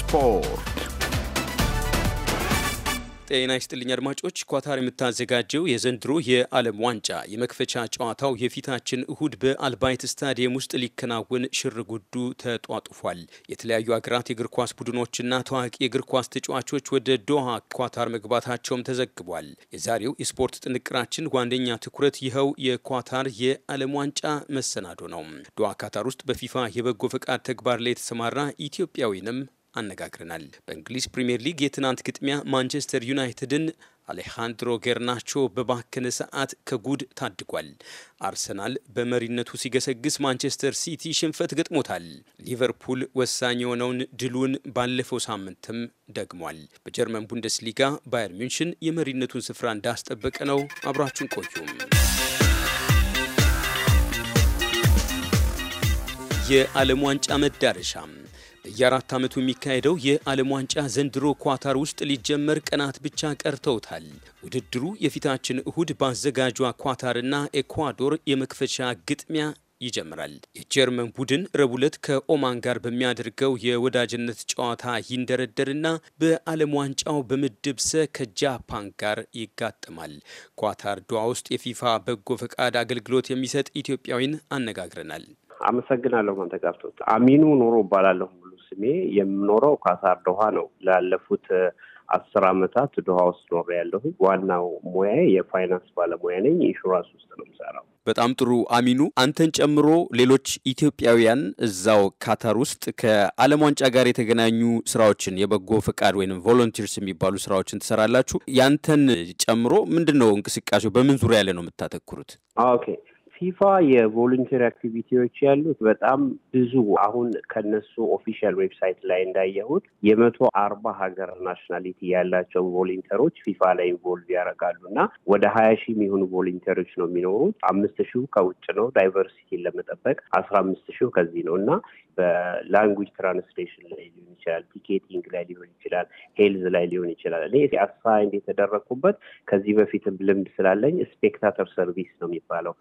ስፖርት ጤና ይስጥልኝ አድማጮች። ኳታር የምታዘጋጀው የዘንድሮ የዓለም ዋንጫ የመክፈቻ ጨዋታው የፊታችን እሁድ በአልባይት ስታዲየም ውስጥ ሊከናወን ሽር ጉዱ ተጧጡፏል። የተለያዩ ሀገራት የእግር ኳስ ቡድኖችና ታዋቂ የእግር ኳስ ተጫዋቾች ወደ ዶሃ ኳታር መግባታቸውም ተዘግቧል። የዛሬው የስፖርት ጥንቅራችን ዋነኛ ትኩረት ይኸው የኳታር የዓለም ዋንጫ መሰናዶ ነው። ዶሃ ኳታር ውስጥ በፊፋ የበጎ ፈቃድ ተግባር ላይ የተሰማራ ኢትዮጵያዊንም አነጋግረናል። በእንግሊዝ ፕሪምየር ሊግ የትናንት ግጥሚያ ማንቸስተር ዩናይትድን አሌሃንድሮ ጌርናቾ በባከነ ሰዓት ከጉድ ታድጓል። አርሰናል በመሪነቱ ሲገሰግስ፣ ማንቸስተር ሲቲ ሽንፈት ገጥሞታል። ሊቨርፑል ወሳኝ የሆነውን ድሉን ባለፈው ሳምንትም ደግሟል። በጀርመን ቡንደስሊጋ ባየር ሚንሽን የመሪነቱን ስፍራ እንዳስጠበቀ ነው። አብራችሁን ቆዩም። የዓለም ዋንጫ መዳረሻ በየአራት ዓመቱ የሚካሄደው የዓለም ዋንጫ ዘንድሮ ኳታር ውስጥ ሊጀመር ቀናት ብቻ ቀርተውታል። ውድድሩ የፊታችን እሁድ ባዘጋጇ ኳታርና ኤኳዶር የመክፈቻ ግጥሚያ ይጀምራል። የጀርመን ቡድን ረቡዕ ዕለት ከኦማን ጋር በሚያደርገው የወዳጅነት ጨዋታ ይንደረደርና በዓለም ዋንጫው በምድብ ሰ ከጃፓን ጋር ይጋጥማል። ኳታር ዶሃ ውስጥ የፊፋ በጎ ፈቃድ አገልግሎት የሚሰጥ ኢትዮጵያዊን አነጋግረናል። አመሰግናለሁ። ማንተጋፍቶት አሚኑ ኑሮ እባላለሁ። ስሜ የምኖረው ካታር ዶሃ ነው። ላለፉት አስር ዓመታት ዶሃ ውስጥ ኖር ያለሁ። ዋናው ሙያ የፋይናንስ ባለሙያ ነኝ። ኢንሹራንስ ውስጥ ነው የምሰራው። በጣም ጥሩ አሚኑ፣ አንተን ጨምሮ ሌሎች ኢትዮጵያውያን እዛው ካታር ውስጥ ከዓለም ዋንጫ ጋር የተገናኙ ስራዎችን የበጎ ፈቃድ ወይም ቮለንቲርስ የሚባሉ ስራዎችን ትሰራላችሁ። ያንተን ጨምሮ ምንድን ነው እንቅስቃሴው? በምን ዙሪያ ላይ ነው የምታተኩሩት? ኦኬ ፊፋ የቮሉንተሪ አክቲቪቲዎች ያሉት በጣም ብዙ አሁን ከነሱ ኦፊሻል ዌብሳይት ላይ እንዳየሁት የመቶ አርባ ሀገር ናሽናሊቲ ያላቸው ቮሉንተሮች ፊፋ ላይ ኢንቮልቭ ያደርጋሉ እና ወደ ሀያ ሺህ የሚሆኑ ቮሉንተሮች ነው የሚኖሩት። አምስት ሺሁ ከውጭ ነው ዳይቨርሲቲን ለመጠበቅ አስራ አምስት ሺሁ ከዚህ ነው እና በላንጉጅ ትራንስሌሽን ላይ ሊሆን ይችላል፣ ቲኬቲንግ ላይ ሊሆን ይችላል፣ ሄልዝ ላይ ሊሆን ይችላል። እኔ አሳይንድ የተደረግኩበት ከዚህ በፊት ልምድ ስላለኝ ስፔክታተር ሰርቪስ ነው የሚባለው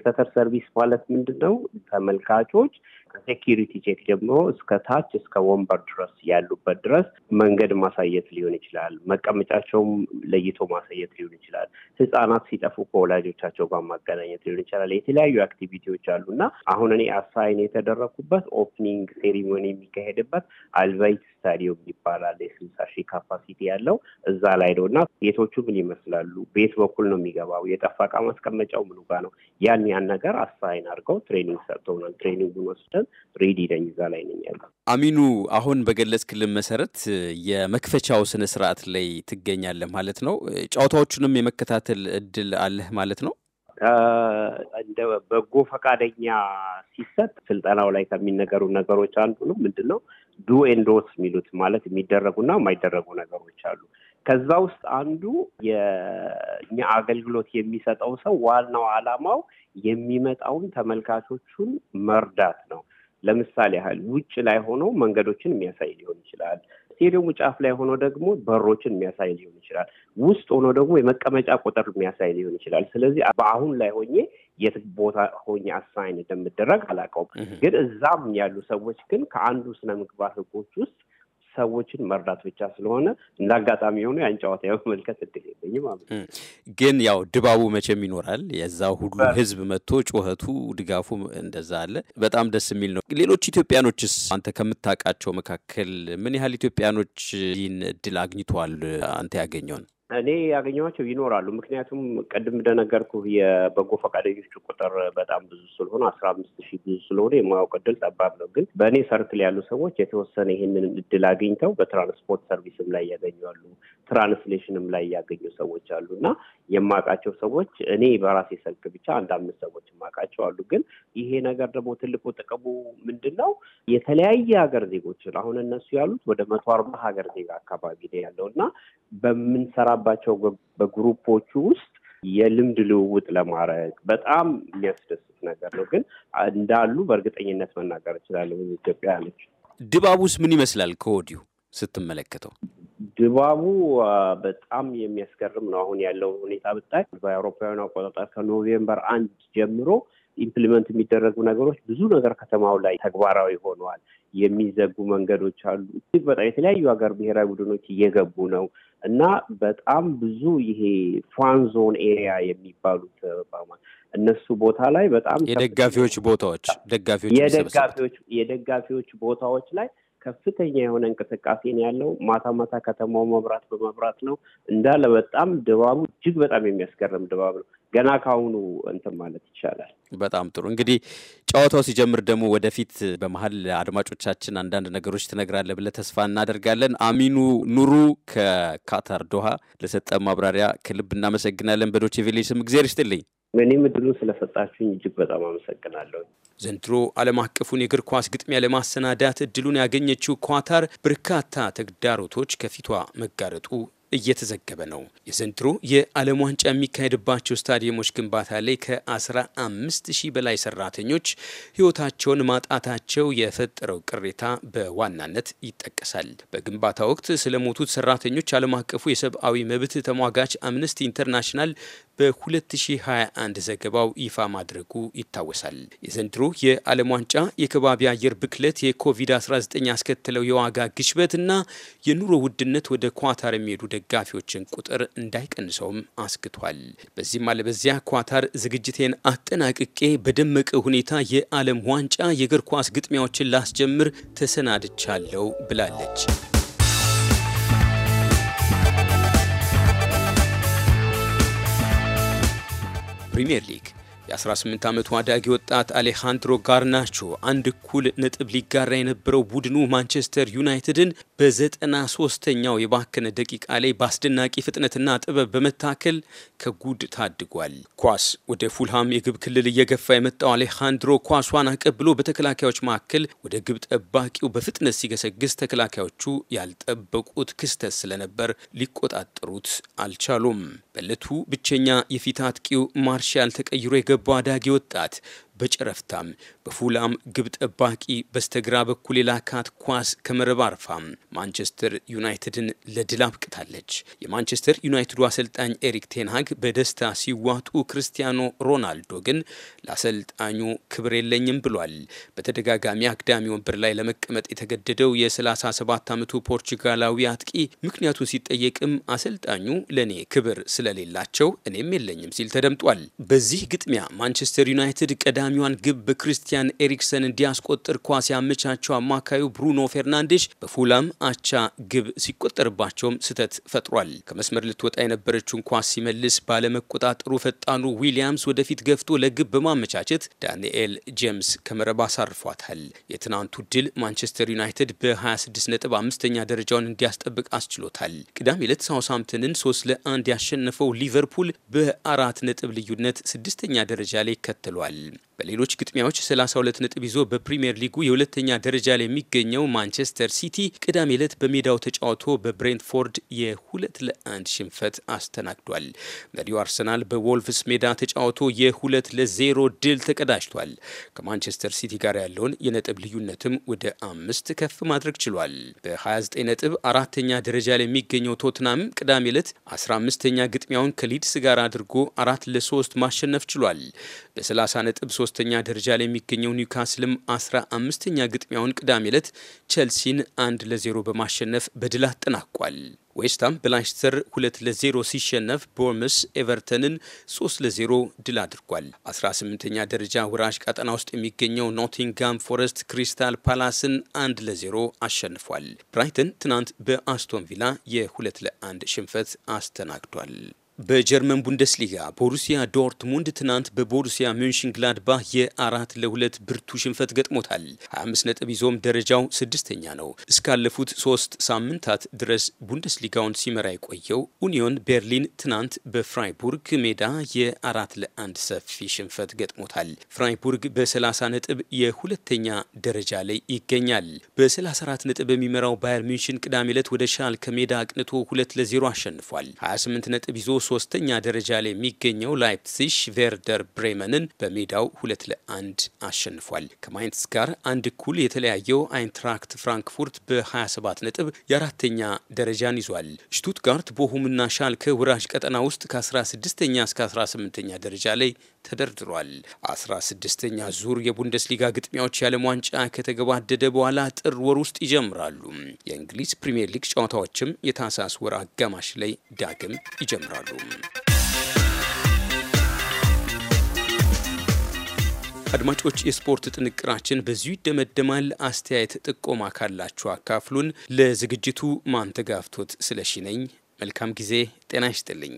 የስፔክታተር ሰርቪስ ማለት ምንድን ነው? ተመልካቾች ከሴኪሪቲ ቼክ ጀምሮ እስከ ታች እስከ ወንበር ድረስ ያሉበት ድረስ መንገድ ማሳየት ሊሆን ይችላል። መቀመጫቸውም ለይቶ ማሳየት ሊሆን ይችላል። ህጻናት ሲጠፉ ከወላጆቻቸው ጋር ማገናኘት ሊሆን ይችላል። የተለያዩ አክቲቪቲዎች አሉ እና አሁን እኔ አሳይን የተደረኩበት ኦፕኒንግ ሴሪሞኒ የሚካሄድበት አልቫይት ስታዲየም ይባላል። የስልሳ ሺህ ካፓሲቲ ያለው እዛ ላይ ነው እና ቤቶቹ ምን ይመስላሉ? ቤት በኩል ነው የሚገባው? የጠፋ እቃ ማስቀመጫው ምኑ ነው? ያን ያን ነገር አሳይን አድርገው ትሬኒንግ ሰጥተውናል። ትሬኒንጉን ወስደ ለመቀበል ሬዲ ነኝ፣ እዛ ላይ ነኝ ያለው። አሚኑ፣ አሁን በገለጽ ክልል መሰረት የመክፈቻው ስነ ስርዓት ላይ ትገኛለህ ማለት ነው። ጨዋታዎቹንም የመከታተል እድል አለህ ማለት ነው። እንደ በጎ ፈቃደኛ ሲሰጥ ስልጠናው ላይ ከሚነገሩ ነገሮች አንዱ ነው። ምንድን ነው ዱ ኤንዶስ የሚሉት ማለት የሚደረጉና የማይደረጉ ነገሮች አሉ። ከዛ ውስጥ አንዱ የእኛ አገልግሎት የሚሰጠው ሰው ዋናው ዓላማው የሚመጣውን ተመልካቾቹን መርዳት ነው። ለምሳሌ ያህል ውጭ ላይ ሆኖ መንገዶችን የሚያሳይ ሊሆን ይችላል። ስቴዲየሙ ጫፍ ላይ ሆኖ ደግሞ በሮችን የሚያሳይ ሊሆን ይችላል። ውስጥ ሆኖ ደግሞ የመቀመጫ ቁጥር የሚያሳይ ሊሆን ይችላል። ስለዚህ በአሁን ላይ ሆኜ የት ቦታ ሆኜ አሳይን እንደምደረግ አላውቀውም። ግን እዛም ያሉ ሰዎች ግን ከአንዱ ስነ ምግባር ህጎች ውስጥ ሰዎችን መርዳት ብቻ ስለሆነ እንደ አጋጣሚ የሆኑ ያን ጨዋታ የመመልከት እድል የለኝም። ግን ያው ድባቡ መቼም ይኖራል። የዛ ሁሉ ህዝብ መጥቶ ጩኸቱ፣ ድጋፉ እንደዛ አለ። በጣም ደስ የሚል ነው። ሌሎች ኢትዮጵያኖችስ አንተ ከምታውቃቸው መካከል ምን ያህል ኢትዮጵያኖች ይህን እድል አግኝተዋል? አንተ ያገኘውን እኔ ያገኘኋቸው ይኖራሉ። ምክንያቱም ቅድም እንደነገርኩ የበጎ ፈቃደኞቹ ቁጥር በጣም ብዙ ስለሆነ አስራ አምስት ሺህ ብዙ ስለሆነ የማወቅ እድል ጠባብ ነው። ግን በእኔ ሰርክል ያሉ ሰዎች የተወሰነ ይህንን እድል አግኝተው በትራንስፖርት ሰርቪስም ላይ ያገኛሉ፣ ትራንስሌሽንም ላይ ያገኙ ሰዎች አሉ እና የማውቃቸው ሰዎች እኔ በራሴ ሰልክ ብቻ አንድ አምስት ሰዎች የማውቃቸው አሉ። ግን ይሄ ነገር ደግሞ ትልቁ ጥቅሙ ምንድን ነው? የተለያየ ሀገር ዜጎችን አሁን እነሱ ያሉት ወደ መቶ አርባ ሀገር ዜጋ አካባቢ ነው ያለው እና በምንሰራ በምንሰራባቸው በግሩፖቹ ውስጥ የልምድ ልውውጥ ለማድረግ በጣም የሚያስደስት ነገር ነው። ግን እንዳሉ በእርግጠኝነት መናገር እችላለሁ። ኢትዮጵያውያኖች ድባቡስ ምን ይመስላል ከወዲሁ ስትመለከተው? ድባቡ በጣም የሚያስገርም ነው። አሁን ያለው ሁኔታ ብታይ በአውሮፓውያኑ አቆጣጠር ከኖቬምበር አንድ ጀምሮ ኢምፕሊመንት የሚደረጉ ነገሮች ብዙ ነገር ከተማው ላይ ተግባራዊ ሆነዋል። የሚዘጉ መንገዶች አሉ። እጅግ በጣም የተለያዩ ሀገር ብሔራዊ ቡድኖች እየገቡ ነው እና በጣም ብዙ ይሄ ፋን ዞን ኤሪያ የሚባሉት እነሱ ቦታ ላይ በጣም የደጋፊዎች ቦታዎች ደጋፊዎች የደጋፊዎች የደጋፊዎች ቦታዎች ላይ ከፍተኛ የሆነ እንቅስቃሴ ነው ያለው። ማታ ማታ ከተማው መብራት በመብራት ነው እንዳለ። በጣም ድባቡ እጅግ በጣም የሚያስገርም ድባብ ነው። ገና ካሁኑ እንትን ማለት ይቻላል። በጣም ጥሩ እንግዲህ ጨዋታው ሲጀምር ደግሞ ወደፊት በመሀል አድማጮቻችን አንዳንድ ነገሮች ትነግራለህ ብለህ ተስፋ እናደርጋለን። አሚኑ ኑሩ ከካታር ዶሃ ለሰጠ ማብራሪያ ከልብ እናመሰግናለን። በዶቼ ቬሌ ስም እግዜር ይስጥልኝ። እኔም እድሉን ስለሰጣችሁኝ እጅግ በጣም አመሰግናለሁ። ዘንድሮ ዓለም አቀፉን የእግር ኳስ ግጥሚያ ለማሰናዳት እድሉን ያገኘችው ኳታር በርካታ ተግዳሮቶች ከፊቷ መጋረጡ እየተዘገበ ነው። የዘንድሮ የዓለም ዋንጫ የሚካሄድባቸው ስታዲየሞች ግንባታ ላይ ከ15 ሺህ በላይ ሰራተኞች ሕይወታቸውን ማጣታቸው የፈጠረው ቅሬታ በዋናነት ይጠቀሳል። በግንባታ ወቅት ስለሞቱት ሰራተኞች ዓለም አቀፉ የሰብአዊ መብት ተሟጋች አምነስቲ ኢንተርናሽናል በ2021 ዘገባው ይፋ ማድረጉ ይታወሳል። የዘንድሮ የዓለም ዋንጫ የከባቢ አየር ብክለት፣ የኮቪድ-19 ያስከተለው የዋጋ ግሽበት እና የኑሮ ውድነት ወደ ኳታር የሚሄዱ ደጋፊዎችን ቁጥር እንዳይቀንሰውም አስክቷል። በዚህም አለበዚያ ኳታር ዝግጅቴን አጠናቅቄ በደመቀ ሁኔታ የዓለም ዋንጫ የእግር ኳስ ግጥሚያዎችን ላስጀምር ተሰናድቻለሁ ብላለች። ፕሪምየር ሊግ የ18 ዓመቱ አዳጊ ወጣት አሌሃንድሮ ጋርናቾ አንድ እኩል ነጥብ ሊጋራ የነበረው ቡድኑ ማንቸስተር ዩናይትድን በ93ኛው የባከነ ደቂቃ ላይ በአስደናቂ ፍጥነትና ጥበብ በመታከል ከጉድ ታድጓል። ኳስ ወደ ፉልሃም የግብ ክልል እየገፋ የመጣው አሌሃንድሮ ኳሷን አቀብሎ በተከላካዮች መካከል ወደ ግብ ጠባቂው በፍጥነት ሲገሰግስ ተከላካዮቹ ያልጠበቁት ክስተት ስለነበር ሊቆጣጠሩት አልቻሉም። በለቱ ብቸኛ የፊት አጥቂው ማርሻል ተቀይሮ የገባው አዳጊ ወጣት በጨረፍታም በፉላም ግብ ጠባቂ በስተግራ በኩል የላካት ኳስ ከመረብ አርፋ ማንቸስተር ዩናይትድን ለድል አብቅታለች። የማንቸስተር ዩናይትዱ አሰልጣኝ ኤሪክ ቴንሃግ በደስታ ሲዋጡ፣ ክርስቲያኖ ሮናልዶ ግን ለአሰልጣኙ ክብር የለኝም ብሏል። በተደጋጋሚ አግዳሚ ወንበር ላይ ለመቀመጥ የተገደደው የ37 ዓመቱ ፖርቹጋላዊ አጥቂ ምክንያቱን ሲጠየቅም አሰልጣኙ ለእኔ ክብር ስለሌላቸው እኔም የለኝም ሲል ተደምጧል። በዚህ ግጥሚያ ማንቸስተር ዩናይትድ ቀዳ ቀዳሚዋን ግብ በክርስቲያን ኤሪክሰን እንዲያስቆጥር ኳስ ያመቻቸው አማካዩ ብሩኖ ፌርናንዴሽ በፉላም አቻ ግብ ሲቆጠርባቸውም ስህተት ፈጥሯል። ከመስመር ልትወጣ የነበረችውን ኳስ ሲመልስ ባለመቆጣጠሩ ፈጣኑ ዊሊያምስ ወደፊት ገፍቶ ለግብ በማመቻቸት ዳንኤል ጄምስ ከመረብ አሳርፏታል። የትናንቱ ድል ማንቸስተር ዩናይትድ በ26 ነጥብ አምስተኛ ደረጃውን እንዲያስጠብቅ አስችሎታል። ቅዳሜ ዕለት ሳውሳምፕተንን 3 ለአንድ ያሸነፈው ሊቨርፑል በአራት ነጥብ ልዩነት ስድስተኛ ደረጃ ላይ ይከተሏል። በሌሎች ግጥሚያዎች 32 ነጥብ ይዞ በፕሪምየር ሊጉ የሁለተኛ ደረጃ ላይ የሚገኘው ማንቸስተር ሲቲ ቅዳሜ ዕለት በሜዳው ተጫውቶ በብሬንትፎርድ የሁለት ለአንድ ሽንፈት አስተናግዷል። መሪው አርሰናል በዎልቭስ ሜዳ ተጫውቶ የሁለት ለዜሮ ድል ተቀዳጅቷል። ከማንቸስተር ሲቲ ጋር ያለውን የነጥብ ልዩነትም ወደ አምስት ከፍ ማድረግ ችሏል። በ29 ነጥብ አራተኛ ደረጃ ላይ የሚገኘው ቶትናም ቅዳሜ ዕለት 15ኛ ግጥሚያውን ከሊድስ ጋር አድርጎ አራት ለሶስት ማሸነፍ ችሏል። በ30 ነጥብ ሶስተኛ ደረጃ ላይ የሚገኘው ኒውካስልም አስራ አምስተኛ ግጥሚያውን ቅዳሜ ዕለት ቸልሲን አንድ ለዜሮ በማሸነፍ በድል አጠናቋል። ዌስትሃም በላይስተር ሁለት ለዜሮ ሲሸነፍ ቦርምስ ኤቨርተንን ሶስት ለዜሮ ድል አድርጓል። አስራ ስምንተኛ ደረጃ ወራጅ ቀጠና ውስጥ የሚገኘው ኖቲንጋም ፎረስት ክሪስታል ፓላስን አንድ ለዜሮ አሸንፏል። ብራይተን ትናንት በአስቶን ቪላ የሁለት ለአንድ ሽንፈት አስተናግዷል። በጀርመን ቡንደስሊጋ ቦሩሲያ ዶርትሙንድ ትናንት በቦሩሲያ ግላድባህ የአራት ለሁለት ብርቱ ሽንፈት ገጥሞታል። 25 ነጥብ ይዞም ደረጃው ስድስተኛ ነው። እስካለፉት ሶስት ሳምንታት ድረስ ቡንደስሊጋውን ሲመራ የቆየው ኡኒዮን ቤርሊን ትናንት በፍራይቡርግ ሜዳ የአራት ለአንድ ሰፊ ሽንፈት ገጥሞታል። ፍራይቡርግ በ30 ነጥብ የሁለተኛ ደረጃ ላይ ይገኛል። በ34 ነጥብ የሚመራው ባየር ሚንሽን ቅዳሜ ዕለት ወደ ሻልከ ሜዳ አቅንቶ ሁለት ለዜሮ አሸንፏል። 28 ነጥብ ይዞ ሶስተኛ ደረጃ ላይ የሚገኘው ላይፕሲሽ ቬርደር ብሬመንን በሜዳው ሁለት ለአንድ አሸንፏል። ከማይንስ ጋር አንድ እኩል የተለያየው አይንትራክት ፍራንክፉርት በ27 ነጥብ የአራተኛ ደረጃን ይዟል። ሽቱትጋርት ቦሁምና ሻልከ ወራጅ ቀጠና ውስጥ ከ16ኛ እስከ 18ኛ ደረጃ ላይ ተደርድሯል። አስራ ስድስተኛ ዙር የቡንደስሊጋ ግጥሚያዎች የዓለም ዋንጫ ከተገባደደ በኋላ ጥር ወር ውስጥ ይጀምራሉ። የእንግሊዝ ፕሪምየር ሊግ ጨዋታዎችም የታህሳስ ወር አጋማሽ ላይ ዳግም ይጀምራሉ። አድማጮች፣ የስፖርት ጥንቅራችን በዚሁ ይደመደማል። አስተያየት ጥቆማ ካላችሁ አካፍሉን። ለዝግጅቱ ማንተጋፍቶት ስለሺ ነኝ። መልካም ጊዜ። ጤና ይስጥልኝ።